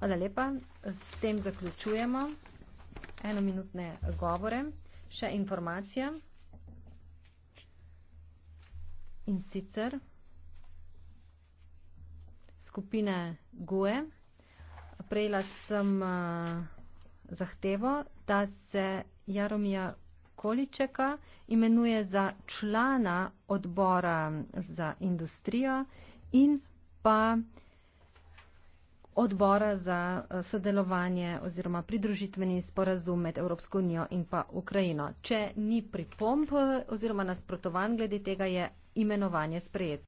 Hvala lepa. S tem zaključujemo enominutne govore. Še informacija. In sicer skupine GUE. Prejela sem eh, zahtevo, da se Jaromija Količeka imenuje za člana odbora za industrijo in pa uh, odbora za eh, sodelovanje oziroma pridružitveni sporazum med Evropsko unijo in pa Ukrajino. Če ni pripomb eh, oziroma nasprotovanj glede tega, je imenovanje sprejet.